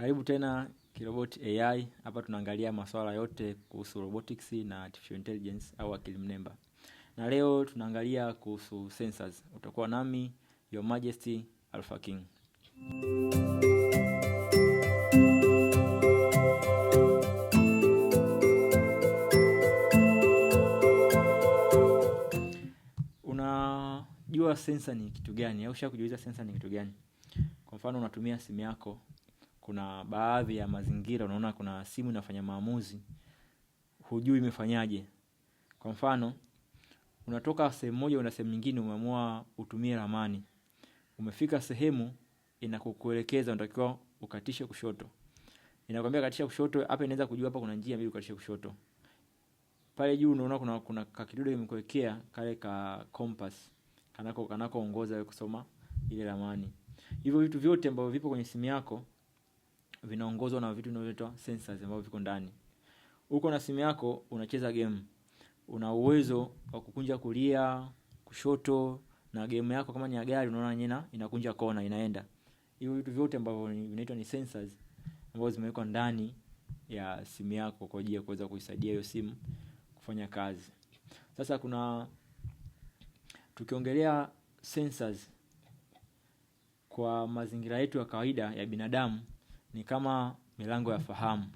Karibu tena Kirobot AI. Hapa tunaangalia masuala yote kuhusu robotics na artificial intelligence au akili mnemba, na leo tunaangalia kuhusu sensors. Utakuwa nami Your Majesty Alpha King. Unajua sensa ni kitu gani au ushakujiuliza sensa ni kitu gani? Kwa mfano unatumia simu yako kuna baadhi ya mazingira unaona kuna simu inafanya maamuzi hujui imefanyaje kwa mfano unatoka sehemu moja una sehemu nyingine umeamua utumie ramani umefika sehemu inakukuelekeza unatakiwa ukatishe kushoto inakwambia katisha kushoto hapa inaweza kujua hapa kuna njia mbili ukatishe kushoto pale juu unaona kuna kuna kakidude kimekuwekea kale ka compass kanako kanakoongoza wewe kusoma ile ramani hivyo vitu vyote ambavyo vipo kwenye simu yako vinaongozwa na vitu vinavyoitwa sensors ambavyo viko ndani. Uko na simu yako unacheza game. Una uwezo wa kukunja kulia, kushoto na game yako kama ni ya gari unaona nyina inakunja kona inaenda. Hiyo vitu vyote ambavyo vinaitwa ni sensors ambazo zimewekwa ndani ya simu yako kwa ajili ya kuweza kuisaidia hiyo simu kufanya kazi. Sasa kuna tukiongelea sensors kwa mazingira yetu ya kawaida ya binadamu ni kama milango ya mm. fahamu.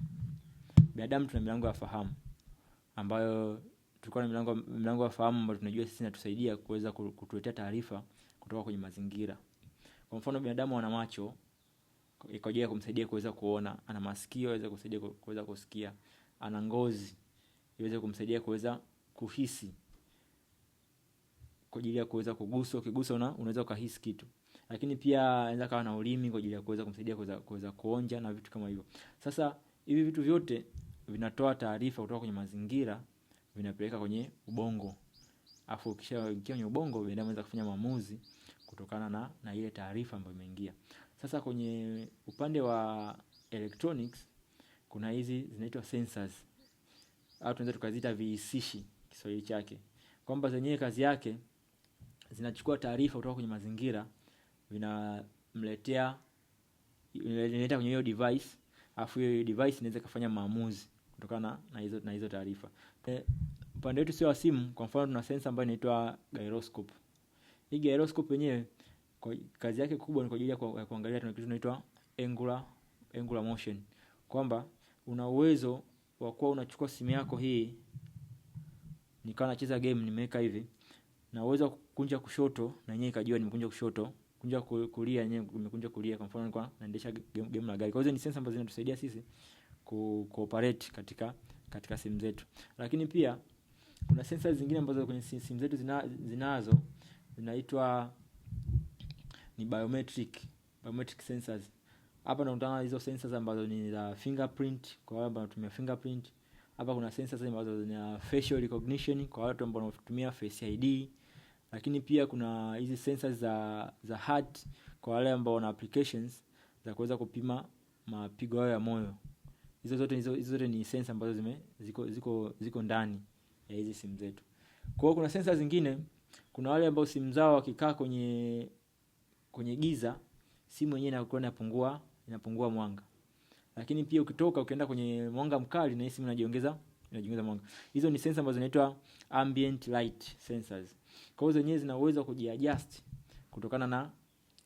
Binadamu tuna milango ya fahamu ambayo tulikuwa na milango milango ya fahamu ambayo tunajua sisi inatusaidia kuweza kutuletea taarifa kutoka kwenye mazingira. Kwa mfano, binadamu ana macho kwa ajili ya kumsaidia kuweza kuona, ana masikio aweze kusaidia kuweza kusikia, ana ngozi iweze kumsaidia kuweza kuhisi kwa ajili ya kuweza kuguswa. Ukiguswa unaweza ukahisi kitu lakini pia anaweza kawa na ulimi kwa ajili ya kuweza kumsaidia kuweza kuweza kuonja na vitu kama hivyo. Sasa hivi vitu vyote vinatoa taarifa kutoka kwenye mazingira vinapeleka kwenye ubongo. Afu ukisha kwenye ubongo binadamu anaweza kufanya maamuzi kutokana na na ile taarifa ambayo imeingia. Sasa kwenye upande wa electronics kuna hizi zinaitwa sensors au tunaweza tukaziita vihisishi Kiswahili chake, kwamba zenyewe kazi yake zinachukua taarifa kutoka kwenye mazingira vinamletea vinaleta kwenye hiyo device alafu hiyo device inaweza kufanya maamuzi kutokana na hizo na hizo taarifa e, upande wetu sio wa simu kwa mfano tuna sensa ambayo inaitwa gyroscope hii gyroscope yenyewe kazi yake kubwa ni kwa ajili ya kuangalia tuna kitu tunaitwa angular angular motion kwamba una uwezo wa kuwa unachukua simu yako hii nikawa nacheza game nimeweka hivi na uwezo wa kukunja kushoto na yenyewe ikajua nimekunja kushoto kunja kulia yenyewe imekuja kulia, kwa mfano nilikuwa naendesha game, game la gari. Kwa hiyo ni sensa ambazo zinatusaidia sisi ku cooperate katika katika simu zetu, lakini pia kuna sensa zingine ambazo kwenye simu zetu zina, zinazo zinaitwa ni biometric biometric sensors. Hapa tunakutana hizo sensors ambazo ni za fingerprint kwa wale ambao wanatumia fingerprint. Hapa kuna sensors ambazo zina facial recognition kwa watu ambao wanatumia face ID lakini pia kuna hizi sensa za, za heart kwa wale ambao wana applications za kuweza kupima mapigo yao ya moyo. Hizo zote hizo zote ni sensa ambazo zime ziko ziko ziko ndani ya hizi simu zetu. Kwa kuna sensa zingine, kuna wale ambao simu zao wakikaa kwenye kwenye giza, simu yenyewe inakuwa inapungua inapungua mwanga. Lakini pia ukitoka ukienda kwenye mwanga mkali na hii simu inajiongeza inajiongeza mwanga. Hizo ni sensa ambazo zinaitwa ambient light sensors. Kwa hiyo zenyewe zina uwezo wa kujiadjust kutokana na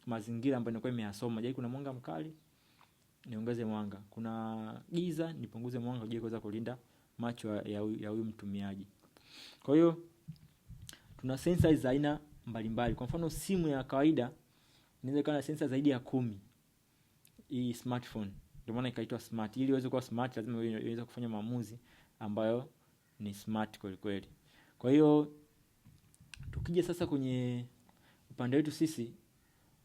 mazingira ambayo inakuwa imeyasoma. Je, kuna mwanga mkali? Niongeze mwanga. Kuna giza, nipunguze mwanga ili kuweza kulinda macho ya huyu mtumiaji. Kwa hiyo tuna sensors za aina mbalimbali. Kwa mfano simu ya kawaida inaweza kuwa na sensa zaidi ya kumi. Hii smartphone ndio maana ikaitwa smart. Ili iweze kuwa smart, lazima iweze kufanya maamuzi ambayo ni smart kweli kweli. Kwa hiyo Tukija sasa kwenye upande wetu sisi,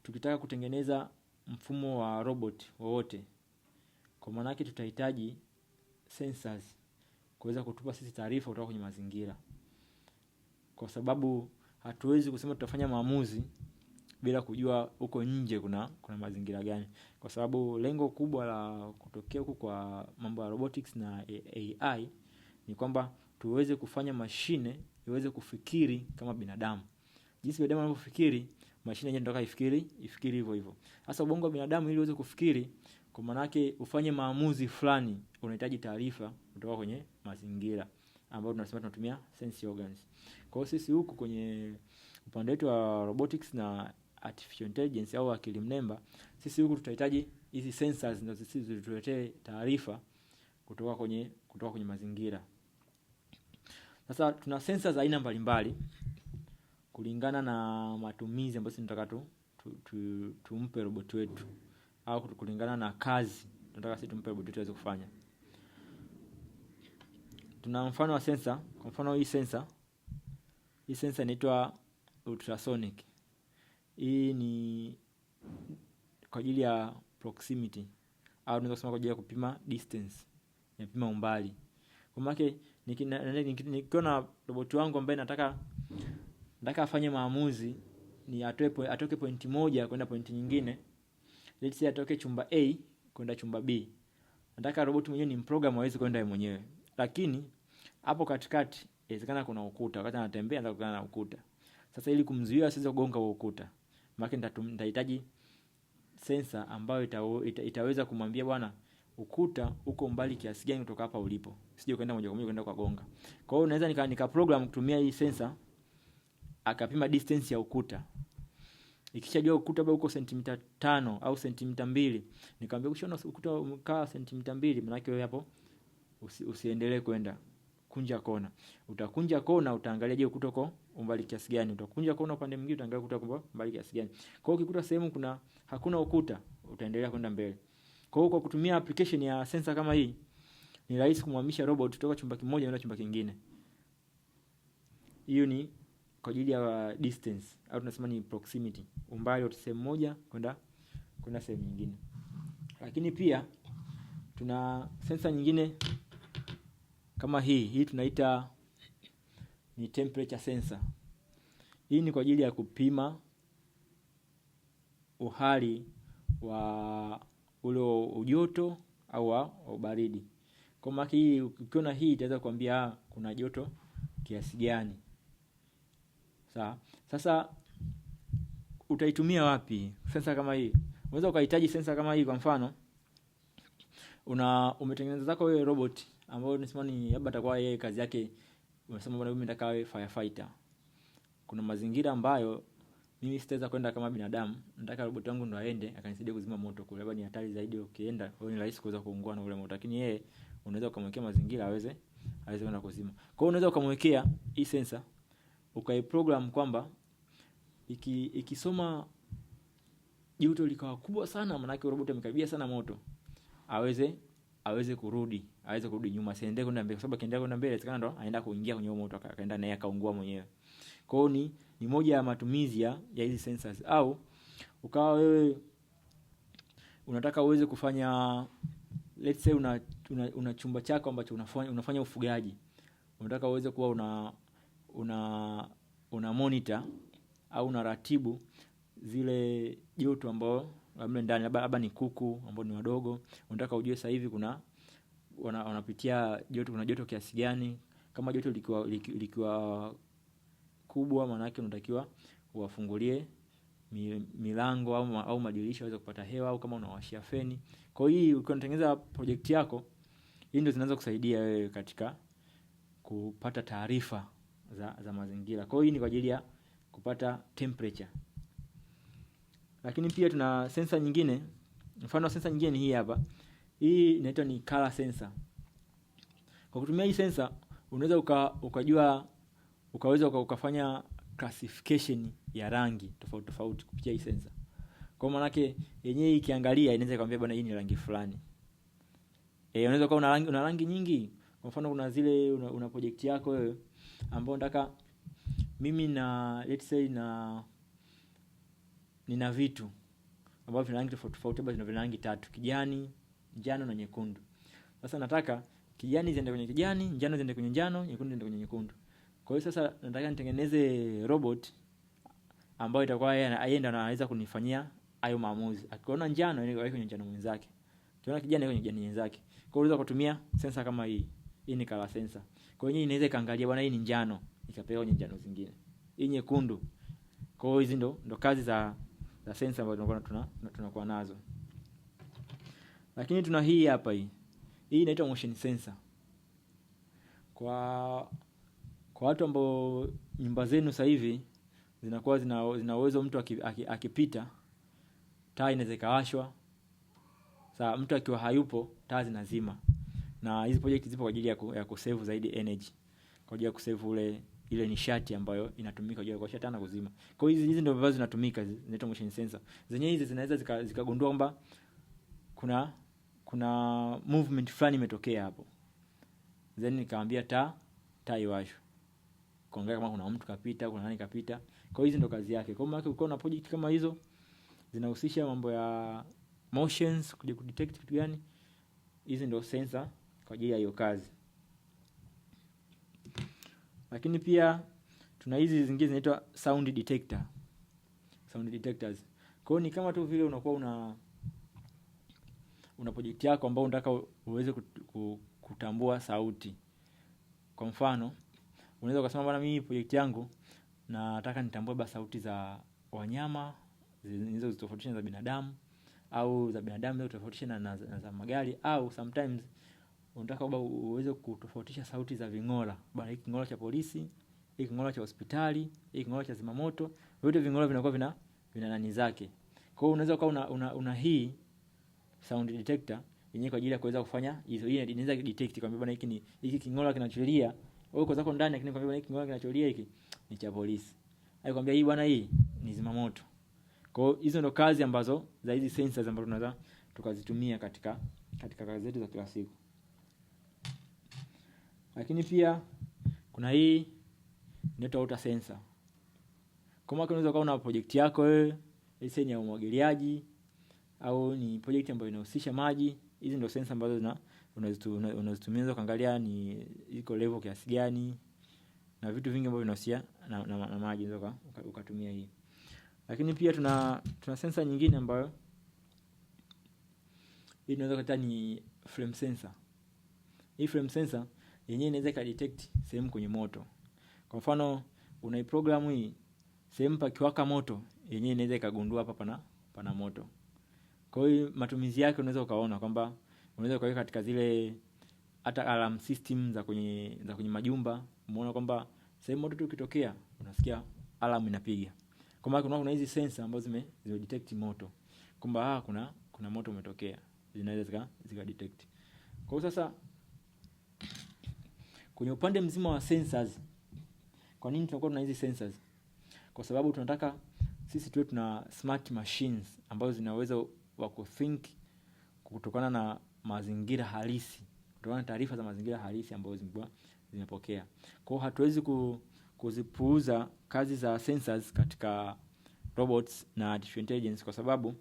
tukitaka kutengeneza mfumo wa robot wowote, kwa maana yake tutahitaji sensors kuweza kutupa sisi taarifa kutoka kwenye mazingira, kwa sababu hatuwezi kusema tutafanya maamuzi bila kujua huko nje kuna kuna mazingira gani, kwa sababu lengo kubwa la kutokea huku kwa mambo ya robotics na AI ni kwamba tuweze kufanya mashine iweze kufikiri kama binadamu. Jinsi binadamu anavyofikiri, mashine yenyewe ndio ifikiri, ifikiri hivyo hivyo. Sasa ubongo wa binadamu ili uweze kufikiri, kwa maana yake ufanye maamuzi fulani, unahitaji taarifa kutoka kwenye mazingira ambayo tunasema tunatumia sense organs. Kwa hiyo sisi huku kwenye upande wetu wa robotics na artificial intelligence au akili mnemba, sisi huku tutahitaji hizi sensors ndio sisi zilituletee taarifa kutoka kwenye kutoka kwenye mazingira. Sasa tuna sensa za aina mbalimbali kulingana na matumizi ambayo tunataka tu, tu, tu, tumpe robot wetu au kulingana na kazi tunataka sisi tumpe robot wetu aweze kufanya. Tuna mfano wa sensa, kwa mfano hii sensa. Hii sensa inaitwa ultrasonic. Hii ni kwa ajili ya proximity au tunaweza kusema kwa ajili ya kupima distance, inapima umbali. Kwa maana nikiwa na roboti wangu ambaye nataka nataka afanye maamuzi ni atoe atoke pointi moja kwenda pointi nyingine let's say atoke chumba A kwenda chumba B nataka roboti mwenyewe ni mprogram aweze kwenda yeye mwenyewe lakini hapo katikati inawezekana kuna ukuta wakati anatembea anakutana na ukuta sasa ili kumzuia asiweze kugonga huo ukuta maana nitahitaji sensa ambayo ita, ita, itaweza kumwambia bwana ukuta uko mbali kiasi gani kutoka hapa ulipo, sije ukaenda moja kwa moja kwenda kwa gonga. Kwa hiyo unaweza nika, nika program kutumia hii sensor akapima distance ya ukuta. Ikishajua ukuta bado uko sentimita tano au sentimita mbili, nikamwambia ukishona ukuta umekaa sentimita mbili, maana yake wewe hapo usi, usiendelee kwenda kunja kona. Utakunja kona, utaangalia je ukuta uko umbali kiasi gani. Utakunja kona upande mwingine, utaangalia ukuta uko umbali kiasi gani. Kwa hiyo ukikuta sehemu kuna hakuna ukuta, utaendelea kwenda mbele. Kwa hiyo kwa kutumia application ya sensa kama hii ni rahisi kumhamisha robot kutoka chumba kimoja kwenda chumba kingine. Hiyo ni kwa ajili ya distance au tunasema ni proximity, umbali wa sehemu moja kwenda kwenda sehemu nyingine. Lakini pia tuna sensa nyingine kama hii, hii tunaita ni temperature sensor. Hii ni kwa ajili ya kupima uhali wa ule ujoto au wa ubaridi. Kwa maana hii ukiona hii itaweza kuambia ah, kuna joto kiasi gani. Sawa? Sasa utaitumia wapi? Sensa kama hii. Unaweza ukahitaji sensa kama hii kwa mfano. Una umetengeneza zako wewe robot ambayo nasema ni labda atakuwa yeye kazi yake unasema bwana mimi nitakaa firefighter. Kuna mazingira ambayo mimi sitaweza kwenda kama binadamu, nataka roboti wangu ndo aende akanisaidia kuzima moto kule, labda ni hatari zaidi. Ukienda wewe ni rahisi kuweza kuungua na ule moto, lakini yeye unaweza ukamwekea mazingira aweze aweze kwenda kuzima. Kwa hiyo unaweza ukamwekea hii sensor ukaiprogram kwamba iki, ikisoma joto likawa kubwa sana, maana yake roboti amekaribia sana moto, aweze aweze kurudi aweze kurudi nyuma, asiendelee kwenda mbele, kwa sababu akiendelea kwenda mbele inawezekana ndo aenda kuingia kwenye moto akaenda naye akaungua mwenyewe. Kwa hiyo ni ni moja ya matumizi ya hizi sensors, au ukawa wewe unataka uweze kufanya let's say una, una, una chumba chako ambacho unafanya, unafanya ufugaji, unataka uweze kuwa una una una monitor au una ratibu zile joto ambao labda ndani labda ni kuku ambao ni wadogo, unataka ujue sasa hivi kuna wanapitia wana joto kuna joto kiasi gani, kama joto likiwa likiwa kubwa, maanake unatakiwa uwafungulie milango au, au madirisha waweze kupata hewa, au kama unawashia feni. Kwa hii ukiwa unatengeneza project yako, hii ndio zinaweza kusaidia wewe katika kupata taarifa za, za mazingira. Kwa hii ni kwa ajili ya kupata temperature. Lakini pia tuna sensa nyingine, mfano sensa nyingine ni hii hapa. Hii inaitwa ni color sensor. Kwa kutumia hii sensa unaweza uka, ukajua ukaweza ukafanya classification ya rangi tofauti tofauti kupitia hii sensor. Kwa maana yake yenyewe ikiangalia inaweza kwambia bwana, hii ni rangi fulani. Eh, unaweza kuwa una rangi una rangi nyingi. Kwa mfano kuna zile una, una project yako wewe ambao nataka mimi na let's say na nina vitu ambavyo vina rangi tofauti tofauti, labda vina rangi tatu: kijani, njano na nyekundu. Sasa nataka kijani ziende kwenye kijani, njano ziende kwenye njano, nyekundu ziende kwenye nyekundu. Kwa hiyo sasa nataka nitengeneze robot ambayo itakuwa yeye ndo anaweza kunifanyia hayo maamuzi. Akiona njano yeye anaweka kwenye njano mwenzake. Akiona kijani kwenye kijani mwenzake. Kwa hiyo unaweza kutumia sensa kama hii. Hii ni color sensor. Kwa hiyo inaweza ikaangalia bwana hii ni njano, ikapewa kwenye njano zingine. Hii nyekundu. Kwa hiyo hizi ndo ndo kazi za za sensa ambazo tunakuwa tuna tunakuwa nazo. Lakini tuna hii hapa hii. Hii inaitwa motion sensor. Kwa kwa watu ambao nyumba zenu sasa hivi zinakuwa zina, zina uwezo mtu akipita taa inaweza ikawashwa. Sasa mtu akiwa hayupo taa zinazima, na hizi project zipo kwa ajili ya, ku, ya kusevu zaidi energy kwa ajili ya kusevu ule ile nishati ambayo inatumika kwa ajili ya kuwasha taa na kuzima. Kwa hizi hizi ndio vifaa zinatumika, zinaitwa motion sensor. zenye hizi zinaweza zikagundua zika kwamba kuna kuna movement fulani imetokea hapo, then nikamwambia taa taa iwashwe kuangalia kama kuna mtu kapita, kuna nani kapita. Kwa hizi ndo kazi yake. Kwa maana ukiwa na project kama hizo zinahusisha mambo ya motions, kuja kudetect kitu gani, hizi ndo sensor kwa ajili ya hiyo kazi. Lakini pia tuna hizi zingine zinaitwa sound detector, sound detectors. Kwa hiyo ni kama tu vile unakuwa una una project yako ambayo unataka uweze kutambua sauti, kwa mfano unaweza ukasema bwana, mimi project yangu nataka nitambue ba sauti za wanyama nizo zitofautisha za binadamu au za binadamu za utofautisha na, na, na za magari au sometimes unataka kwamba uweze kutofautisha sauti za ving'ola bwana, hiki king'ola cha polisi, hiki king'ola cha hospitali, hiki king'ola cha zimamoto, vyote ving'ola vinakuwa vina vina nani zake. Kwa hiyo unaweza ukawa una, una, una hii sound detector yenyewe kwa ajili ya kuweza kufanya hizo. Hii inaweza detect kwamba bwana, hiki ni hiki king'ola kinacholia wewe uko zako ndani, lakini kwambia hiki kingo kinacholia hiki ni cha polisi. Alikwambia hii bwana, hii ni zimamoto. Kwa hiyo hizo ndo kazi ambazo za hizi sensors ambazo tunaweza tukazitumia katika katika kazi zetu za kila siku. Lakini pia kuna hii inaitwa water sensor. kama kuna unaweza kuwa una project yako wewe, ni ya umwagiliaji au ni project ambayo inahusisha maji. Hizi ndo sensors ambazo zina unazitumia ukaangalia ni iko levo kiasi gani na vitu vingi ambavyo vinahusia na, na, na maji unaweza ukatumia hii. Lakini pia tuna tuna sensa nyingine ambayo hii tunaweza kuita ni flame sensor. Hii flame sensor yenyewe inaweza ka detect sehemu kwenye moto. Kwa mfano una program hii sehemu pakiwaka moto yenyewe inaweza ikagundua hapa pana pana moto. Kwa hiyo matumizi yake unaweza ukaona kwamba unaweza ukaweka katika zile hata alarm system za kwenye za kwenye majumba. Umeona kwamba sehemu moto tu ikitokea unasikia alarm inapiga. Kwa maana kuna kuna hizi sensor ambazo zime zime detect moto kwamba ah, kuna kuna moto umetokea, zinaweza zika zika detect. Kwa sasa kwenye upande mzima wa sensors, kwa nini tunakuwa tuna hizi sensors? Kwa sababu tunataka sisi tuwe tuna smart machines ambazo zinaweza wako think kutokana na mazingira halisi, kutokana na taarifa za mazingira halisi ambazo zimekuwa zimepokea. Kwa hiyo hatuwezi ku, kuzipuuza kazi za sensors katika robots na artificial intelligence kwa sababu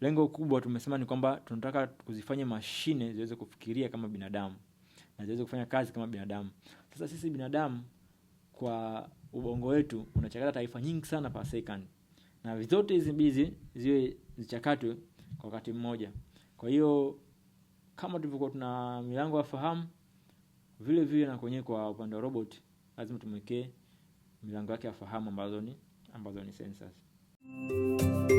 lengo kubwa tumesema ni kwamba tunataka kuzifanya mashine ziweze kufikiria kama binadamu na ziweze kufanya kazi kama binadamu. Sasa sisi binadamu kwa ubongo wetu unachakata taarifa nyingi sana per second, na zote hizi mbizi ziwe zichakatwe kwa wakati mmoja. Kwa hiyo kama tulivyokuwa tuna milango ya fahamu, vile vile na kwenye kwa upande wa robot lazima tumwekee milango yake ya fahamu ambazo ni ambazo ni sensors.